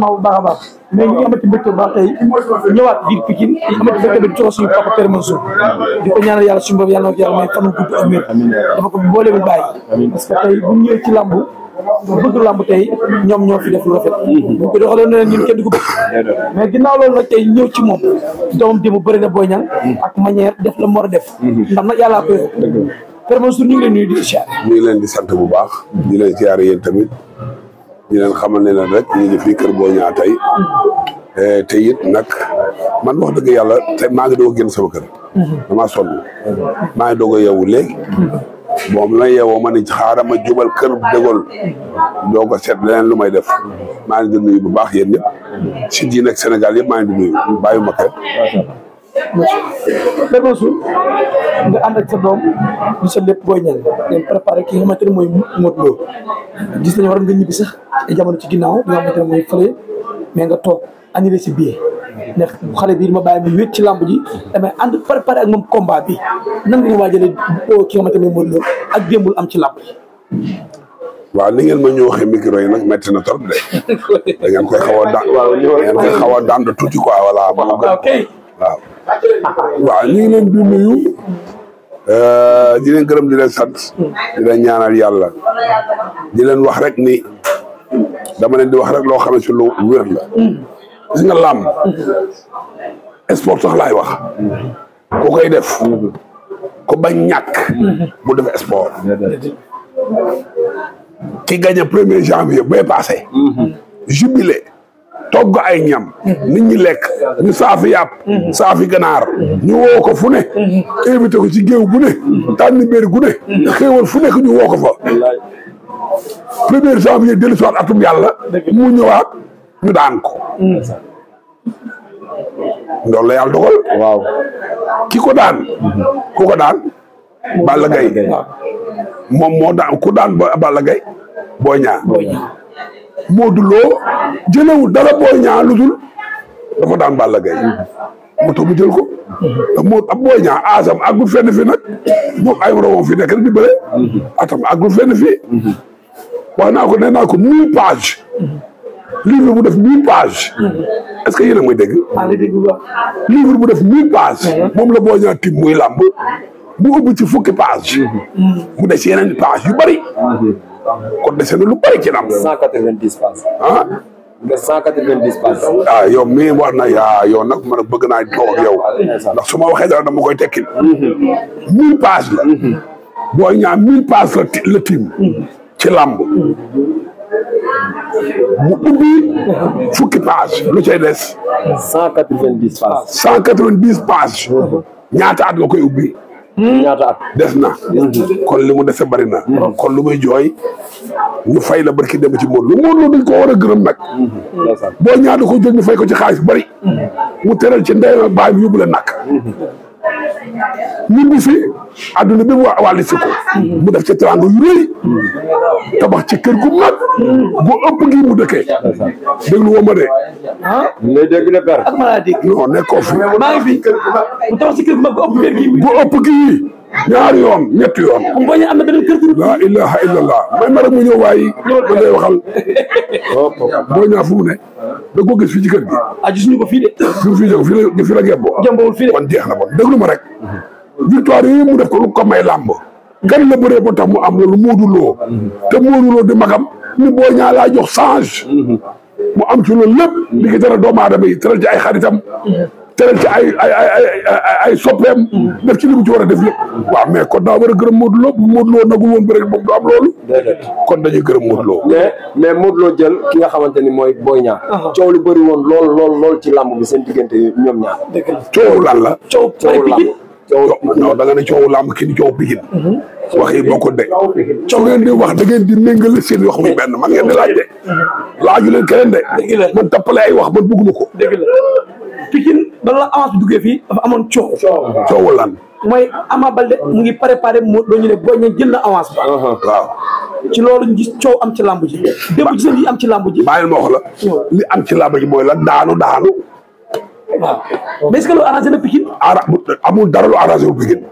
contentement bu baax a baax mais ñu ngi amati mbégte bu baax tey ñëwaat biir Pikine amati mbégte bi di jox suñu papa Père Mansour di ko ñaanal yàlla suñu bàyyi parce que tey bu ñu ci làmb nga bëgg tey ñoo fi def lu rafet buñ ko mais ginnaaw loolu nag tey ñëw ci moom doomam di mu bëri na Boy ak manière def la mu war a def ndax nag yàllaa koy Père Mansour ñu ngi leen nuyu di siyaare ñu ngi leen di sant bu baax di leen siyaare yéen tamit ñu leen ne leen rek ñu ngi fii Kër Boña tey eh, te it nag man wax dëgg yàlla tey maa ngi doog a génn sama kër. damaa sonn maa ngi doog a le léegi. bon bu ma yeewoo ma ni xaaral ma jubal kër dégol doo ko seet leneen lu may def maa ngi di nuyu bu baax yéen ñëpp si diine ak Sénégal yëpp maa ngi di nuyu bàyyi ma kër. bébé suuf nga ànd a sa doom di sa lépp booy ñaan ngeen préparé ki nga xamante ne mooy Modou Lo gis nañu waroon nga ñibbi sax ay jamono ci ginnaaw bi nga xamante mais nga toog annulé si billet ndax xale bii ma bàyyi ma wéet ci làmb ji damay ànd préparé ak moom combat bi nan nga waajalee oh, ki nga xamante ne mooy Modou ak démbul am ci làmb ji waaw ni ngeen ma ñu waxee micro yi nag métti na trop de koy xaw a daan da ngeen koy xaw a daan tuuti quoi voilà waaw waaw ñu ngi leen di nuyu. Eh, di leen gërëm di leen sant. di leen ñaanal yàlla. di leen wax rek ni dama leen di wax rek loo xam ne si lu wér la. gis nga làmb. sport laay wax. ku koy def. ku bañ ñàkk. bu def sport. ki gagné premier janvier bay passé. jubilé. togg ay ñam nit ñi lekk ñu saafi yàpp saafi ganaar ñu woo ko fu ne invité ko ci géew gu ne tànn béer gu ne xéewal fu nekk ñu woo ko fa premier janvier dellu soir atum yàlla mu ñëwaat ñu daan ko la yàlla dogal waaw ki ko daan ku ko daan Balla Gaye moom moo daan ku daan Balla Gaye Boy Niang Modou Lo jëlewul dara Boy Niang lu dul dafa daan Balla Gaye moo tax mu jël ko ndax moo ab Boy Niang fenn fi nag moom ay moroomam fi nekk rek di bëre atam àggul fenn fi wax naa ko nee naa ko mille page livre bu def mille page est-ce que yéen a ngi may dégg livre bu def mille page moom la Boy Niang tim muy làmb mu ubbi ci fukki page mm-hmm. mu des yeneen page yu bari mm-hmm. kon dese na lu bëri ci lamb. 190 pass. ah. nga 190 pass. ah yow mii wax na yaa yow nag man bëgg naa toog ak yow mm-hmm. ndax su ma waxee dara dama koy tekkil. 1000 mm-hmm. pass la. Mm-hmm. booy ñaa 1000 pass la la ci lamb. mu fukki page lu cay des. cent quatre vingt dix cent quatre vingt dix ñaata at nga koy ubbi. Hmm. ñaata des na. Hmm. kon li mu dese bari na. Hmm. ko lu muy jooy ñu fay la ki dem ci Modou Lo Modou Lo dañ ko war a gërëm nag. boo ñaata ko jóg ñu fay ko ci xaalis bari. mu teral ci ndey na baay bi yóbbu la nak ñibbi si adduna bi waa wàllu si ko mu def ci teraanga yu tabax ci kër gu mag gu ëpp gi mu dëkkee déglu woo ma de ah lay dégg de per ak nekkoo fi maa ngi fi gu ëpp gi ñaari yoon ñetti yoon. mboñ am na beneen kër gi. laa ilaha illallah may mara mu ñëw waaye. loolu lay waxal. boo ñaa fu mu ne. da ko gis fii ci kër gi. ah fi mu fi jóg fii la fii la fii de jeex na bon déglu ma rek. victoire yi mu def ko lu ko may làmb. gan la bëree ba tax mu am loolu Modou Lo. te Modou Lo di magam. ni boo ñaa laa jox change. Mhm. mu am ci loolu lépp. li ci dara doomu aadama yi tëral ci ay xaritam. teral ci ay ay ay ay ay soppeem def ci li mu ci war a def lépp waaw mais kon daa war a gërëm Modou Lo bu Modou Lo nagul woon ba rek moom du loolu kon dañuy gërëm Modou Lo mais mais Modou Lo jël ki nga xamante ni mooy Boy Niang ah. coow lu bëri woon lool lool lool ci làmb bi seen diggante ñoom ñaar coow lan la coow làmb non da nga ne coow làmb kii ni coow Pikine mhm. waxi bokkul de su ngeen di wax da ngeen di méngale seen wax muy benn man ngeen di laaj de mhm. laaju leen keneen de man tappale ay wax man bëgguma ko Pikine bala avance bi duggee fii amoon coow. coowu lan mooy Ama Balde mu ngi préparé mu doo ñu ne boo ñëwee jël na avance ba. Uh-huh. ci loolu ñu coow am ci làmb ji. démb gis am ci làmb ji. bàyyil ma la. li am ci làmb ji mooy la daanu daanu. waaw mais est-ce que na Pikine. amul dara lu arrangé wu Pikine.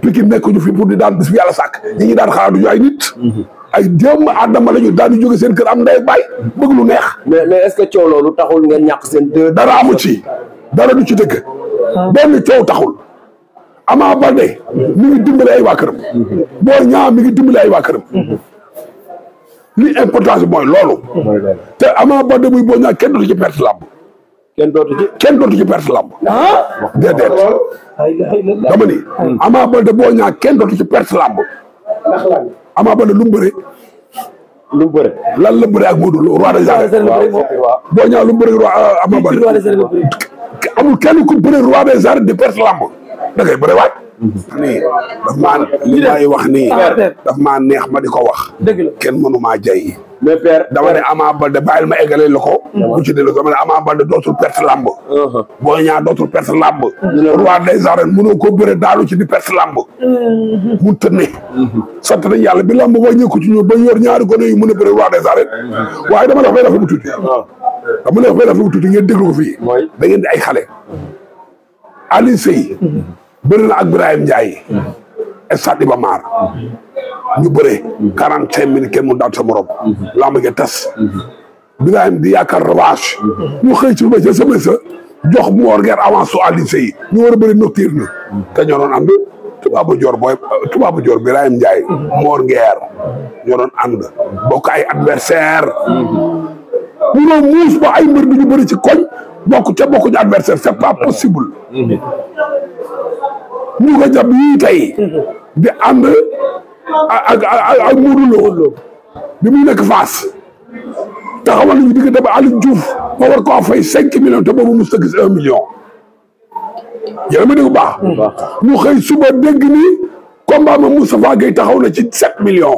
Pikine nekk ñu fi pour di daan bis bi yàlla sàkk. ñi ñu daan xaar ñu ay nit. Mm-hmm. ay jëm àddama la ñu daal di jóge seen kër am ndey bàyyi bëgg lu neex. mais mais est-ce que coow loolu taxul ngeen ñàkk seen. dara amu ci dara du ci dëgg. Ah. benn coow taxul. Ama Baldé mi ngi dimbale ay waa këram. Boy Niang mi ngi dimbale ay waa këram. li importance mooy loolu. te Ama Baldé muy boo Niang kenn dootu ci perte làmb. kenn dootu ci kenn dootu ci perte làmb. ah déedéet. dama ni Ama Baldé Boy Niang kenn dootu ci perte làmb. Ama ba lu mu lu mu lan la bëre ak Modou Lo roi des arènes. boo ñaaw lu mu bëre roi Ama Baldé amul kenn ku bëre roi des arènes di perte lamb da ngay bëre waat. nii daf maa li wax nii daf maa neex ma di ko wax kenn mënu maa jay mais père dama ne Ama Baldé bàyyil ma eggalee la ko bu ci delloo dama ne Ama Baldé dootul perte làmb uh-huh. Boy Niang dootul perte làmb roi des arènes mënoo ko bëre daalu ci di perte làmb uh-huh. mu tënne uh-huh. sant nañ yàlla bi làmb wàññeeku ci ñun ba yor ñaari gone yu mën a bëre roi des arènes waaye dama la wax benn affaire bu tuuti dama la wax benn affaire bu tuuti ngeen déglu ko fii da ngeen di ay xale Alioune Seye bëri na ak Birahim Ndiaye. Mm-hmm. stade Iba Mar. Mm-hmm. ñu bëre. Mm-hmm. quarante cinq minutes kenn mu daal sa morom. laa ma tas. Birahim di yaakaar revanche. ñu xëy ci ba ca jox Mor Gueye avance su Alioune Seye ñu war a bëri nocturne. te ñoo doon ànd tubaabu joor booy tubaabu joor Birahim Ndiaye. Mor Gueye ñoo doon ànd. muus ba ay mbir du ñu bëri ci koñ bokk ca bokkuñu adversaire c'est pas possible. ñu ko jàpp yii tey. di ànd ak ak ak Modou mu nekk Fass taxawal di digg dama Aliou Diouf ma war koo fay cinq millions te boobu mu sëkk un million. yéen a ma dégg bu baax. ñu xëy suba dégg ni combat ma Moustapha Gueye taxaw na ci sept million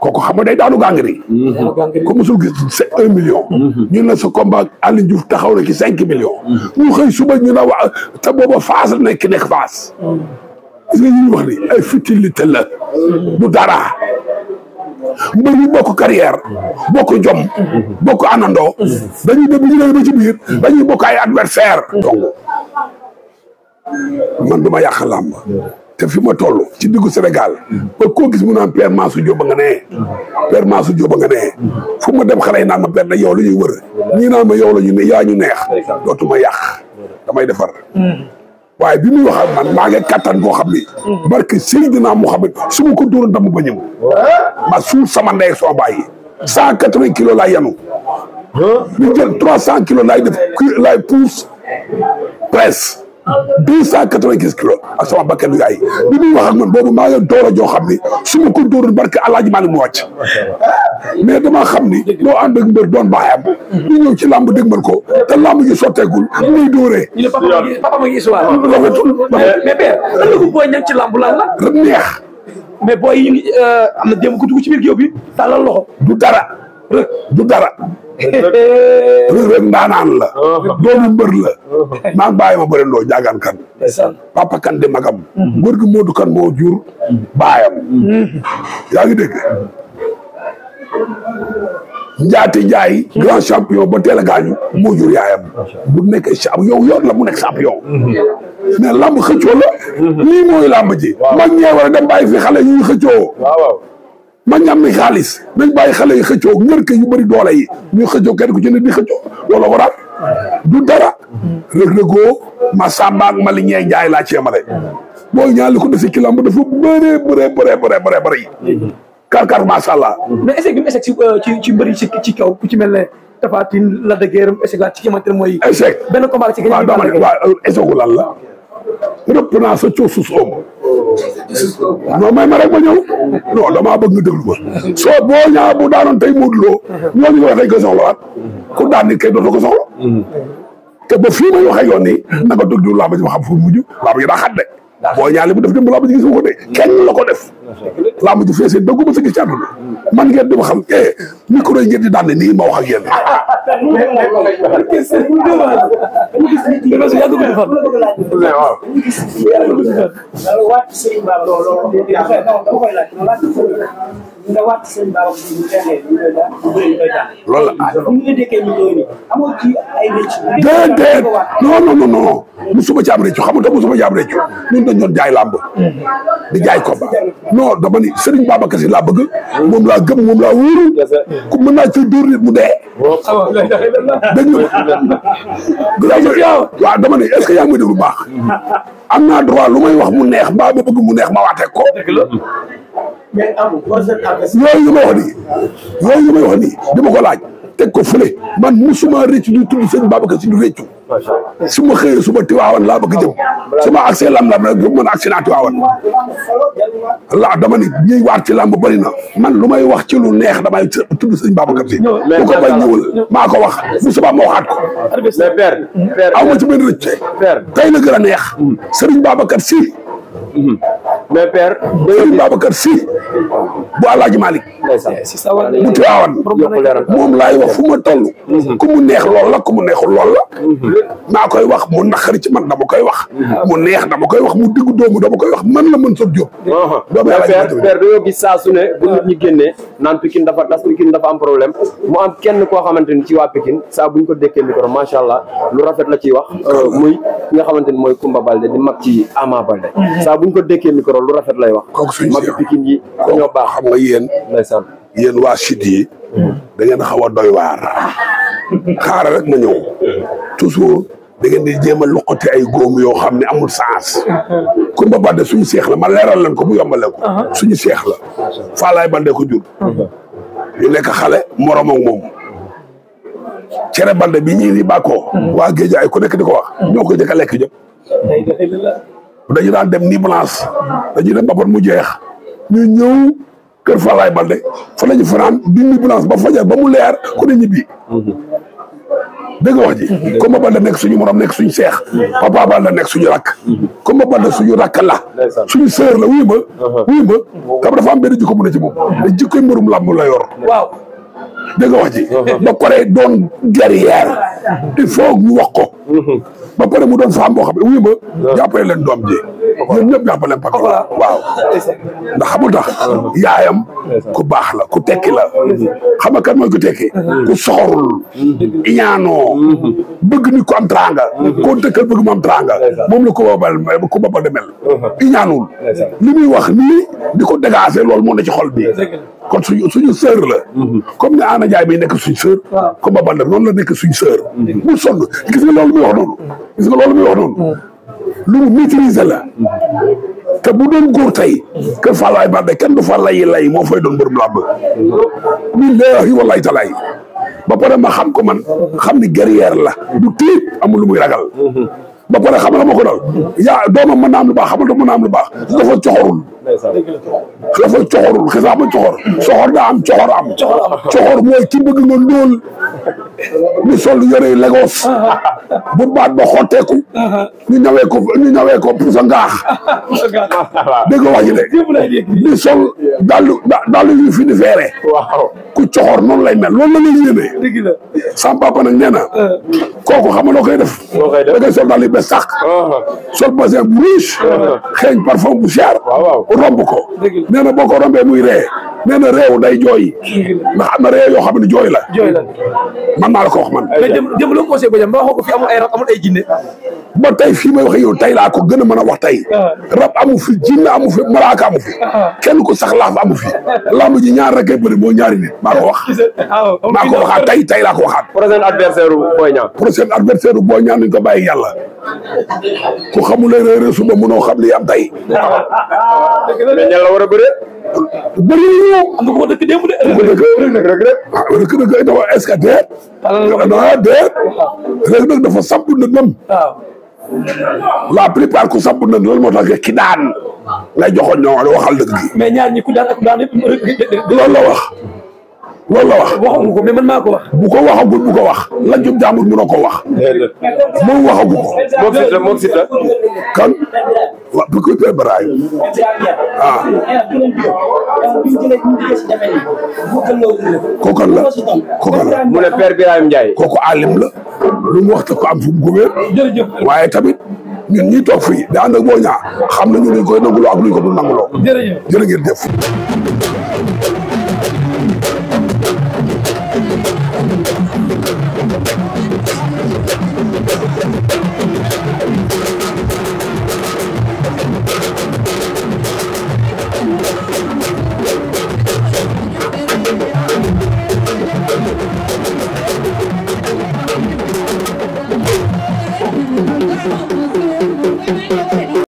kooku xam nga day daanu gàngri. Mhm. ko musul gis c'est un mhm. ñu ne sa combat Alioune Diouf taxaw na ci cinq millions. ñu mhm. xëy suba ñu ne waa te booba Fass nekk nekk Fass. gis nga ñu wax ni ay futilité la. dara. mbër yi bokk carrière bokk jom bokk anandoo dañuy dem ñu ba ci biir dañuy bokk ay adversaire donc man duma yàq làmb te fi ma toll ci diggu Sénégal ba koo gis mu naan Père Mansour Diop ba nga nee Père Mansour Diop ba nga nee fu ma dem xale yi naan ma Père na yow la ñuy wër ñii naan ma yow la ñu ne yaa ñu neex dootuma yàq damay defar waaye bi muy wax ak man maa ngi kattan koo xam ni barke Seydina Mouhamed su ma ko dóoroon dama ba ñëw ma suuf sama ndey soo bàyyi cent quatre-vingts kilos laay yanu trois cent kilos laay def laay deux cent quatre-vingt-quinze kilos ak sama bakkanu yaay bi muy wax ak man boobu maa ngi door a joo xam ni su ma ko dóoroon barke alaaji maa mu wàcc mais dama xam ni loo ànd ak mbër doon baayam ñu ñëw ci làmb dégg man ko te làmb ji sotteegul ñu ngi dóoree ñu ne papa ma ngi histoire rafetul mais père lan la ko booy ñag ci làmb lan la mais booy euh, am na démb ku dugg ci biir bi tàllal loxo du dara rek du dara. rek ndaanaan la. Uh-huh. doomu mbër la. Uh-huh. maa ngi bàyyi ma bëri ndoo jaagaan kan. papa kan di magam. Uh-huh. mbër gi Modou kan moo jur. baayam. yaa ngi dégg. Njaati Njaay. grand champion ba teel a gaañu. moo jur yaayam. bu nekkee champion yow yoon la mu nekk champion. la. lii mooy lamb ji. waaw mag ñee war fi xale yu ñu xëccoo. waaw. ma ñàmmi xaalis nañ bàyyi xale i xëccoo ngër ke yu bëri doole yi ñu xëccoo kenn ku ci ne di xëccoo loolu du dara rëg-rëgoo ma sàmba ak ma li ñee njaay laa ceemale booy ñaa li ko def ci lamb dafa bëree bëree bëree bëree bëree bëri karkar macha mais est euh, ci ci mbëri ci ci kaw ku ci mel ne Tapha ti la dëggeeram échec ci xamante ne mooy échec benn combat ci waaw dama ne euh, la rëpp naa sa coosu soob non may ma rek ma ñëw non damaa bëgg nga déglu ma soo boo ñaa bu daanoon tey Modou Lo ñooñu nga wax dañ ko soxlawaat ku daan nit kay dootoo ko soxla mm-hmm. te ba fii may waxee yoon nii naka dugg du laa ba ci ma xam fu mujj laa daa xat boo ñaale bu def dem laa ma ci gis ko de kenn la ko def laa ma ci feesee dëggu ma si gis ci àdduna man ngeen di ma xam eh micro yi ngeen di daan nii ma wax ak yéen waaw nga waat seen baaw bi ñu demee ñu koy daan ñu bëri ñu koy daan. loolu la ah ñu ngi dëkkee ñu doon ci ay rëcc. ci am rëcc xam nga musuma ci am rëcc ñun dañu doon jaay làmb. di jaay ko ba non dama ni Serigne Babacar laa bëgg. moom laa gëm moom laa wóoru. ku mën naa ci dóor nit mu dee. dégg nga waaw dama ni est-ce que yaa ngi may déglu baax. am naa droit lu may wax mu neex mbaa ma bëgg mu neex ma waatee ko. yooyu yu ma wax nii yooyu yu ma wax nii dama ko laaj teg ko fële man musuma rëcc du tudd sëñ Babacar Si du rëccu su ma xëyee suba Tiwaawan laa bëgg jëm su ma accès lam lam rek bu mën accès naa Tiwaawan la dama ni ñuy waar ci làmb bëri na man lu may wax ci lu neex damay tudd sëñ Babacar Si bu ko bay ñëwal maa ko wax bu suba ma waxaat ko aw ma ci benn rëcc tey la gën a neex hmm. sëriñ Babacar Si mais père. Serigne Babacar Sy bu Alaaji Malick si sa wàll bu tuwaawan moom laay wax fu ma toll mhm. ku mu neex lool la ku mu neexul lool la mhm. maa koy wax mu naqari ci man dama koy wax mhm. mu neex dama koy wax mu diggu doomu dama koy wax man la mën sot jóob mu am kenn koo xamante ni ci waa Pikine saa buñ ko dékkee micro macha allah lu rafet la ciy wax euh, muy nga xamante ni mooy Koumba Balde di mag ci Ama Balde saa buñ ko dékkee micro lu rafet lay wax mag Pikine yi ñoo baax xam nga yéen yéen waa siit yi da ngeen xaw a doy waar xaaral rek ma ñëw toujours da ngeen di jéem a ay góom yoo xam ne amul sens Kumba Baldé suñu seex la ma leeral leen ko mu yombale ko uh-huh. suñu seex la Faalaay Baldé ko jur uh-huh. ñu nekk xale morom ak moom cere Baldé bi ñii di bàkkoo uh-huh. waa géej ay ku nekk di ko wax ñoo ko jëkk a lekk jëpp dañu daan dem ni balance dañu dem mu jeex ñu ñëw kër Falaye Balde fa la ñu fanaan dindi blanche ba fajar ba mu leer ku ne ñibbi. dégg nga wax ji. comme Balde nekk suñu morom nekk suñu seex. papa Balde nekk suñu rakk. comme Balde suñu rakk la. suñu sœur la wuy ma. Uh-huh. wuy ma xam dafa am benn jikko bu ne ci moom. te jikkoy mbërum làmb la yor. waaw dégg nga wax ji. Uh-huh. ba pare doon guerrière. il faut ñu wax ko. Uh-huh. ba pare mu doon saam boo xam ne wuy ma. jàppale leen doom ji. ñoom ñëpp jàppale Pokola waaw ndax xamul tax yaayam ku baax la ku tekki la xam nga kan mooy ku tekki ku soxorul iñaanoo bëgg nit ko am tranga koo dëkkal bëgg mu am tranga moom la ku babal ku babal de mel li muy wax nii di ko dégager loolu moo na ci xol bi ko suñu suñu sœur la mhm. comme ni Ana Ndiaye bi nekk suñ sœur ku babal de noonu la nekk suñ sœur bu sonn gis nga loolu muy wax noonu gis nga loolu muy wax noonu mhm. lumu mu maîtriser bu doon góor tey kër ba de kenn du fa layi lay moo fay doon bërëb làmb billaahi wallaahi talaay ba pare ma xam ko man xam ni guerrière la du tiit amul lu muy ragal mhm. ba pare xam la ma ko dal yaa doomam mën naa am lu baax xamal do mën naa am lu baax dafa coxorul dafa coxorul xis ama coxor soxor daa am coxor am coxor mooy ki bëgg nga ndóol ñu sol yore Lagos bu baat ba xotteeku ñu ñawee ko ñu ñawee ko pusa ngaax dégg nga wax ji de ñu sol dalu dalu yu fi di feere ku coxor noonu lay mel loolu la lay yéeme sam papa nag nee euh. kooku xam nga noo koy def da ngay sol daal yu bees sàq ah. sol basin bu riche ah. xeeñ bu cher romb ko nee na boo ko rombee muy ree nee na réew day jooy ndax am na réew yoo xam ne jooy la jooy la man maa la ko wax man jëm lu conseil ba jëm ba waxoo ko fi amul ay rab amul ay laa ko gën a mën a wax tey ah. rab amu fi jinne amu fi malaaka amu fi ah. kenn ku sax laaf amu fi lamb ji ñaar rek ay bëri moo ñaari nit maa ko wax ah, maa ko waxaat tey tey laa ko waxaat prochain adversaire u Boy Niang prochain adversaire u Boy Niang nañ ko bàyyi yàlla ku xamul la réeré suba mënoo xam li am tey la bëri na am na ku ma dëkk démb de. ku ma dëkk rek nag rek rek waaw rek nag ah déet. rek nag dafa sampu la plupart ku sampu ndënd loolu moo tax ki daan. lay joxoon ñoom wala waxal dëgg gi. mais ñaar ñi wax. loolu la wax waxagu ko mais man ko wax. bu ko waxagul bu ko wax. la jub jàmbur mënoo ko wax. déedéet moom waxagu la moom si la. kan. Ah. la kookan la. mu lu mu waxta ko fu mu ko waaye tamit. ñun ñi toog fii da ànd ak boo ñaa xam nañu luñ koy nanguloo ak ko du nanguloo. jërëjëf def.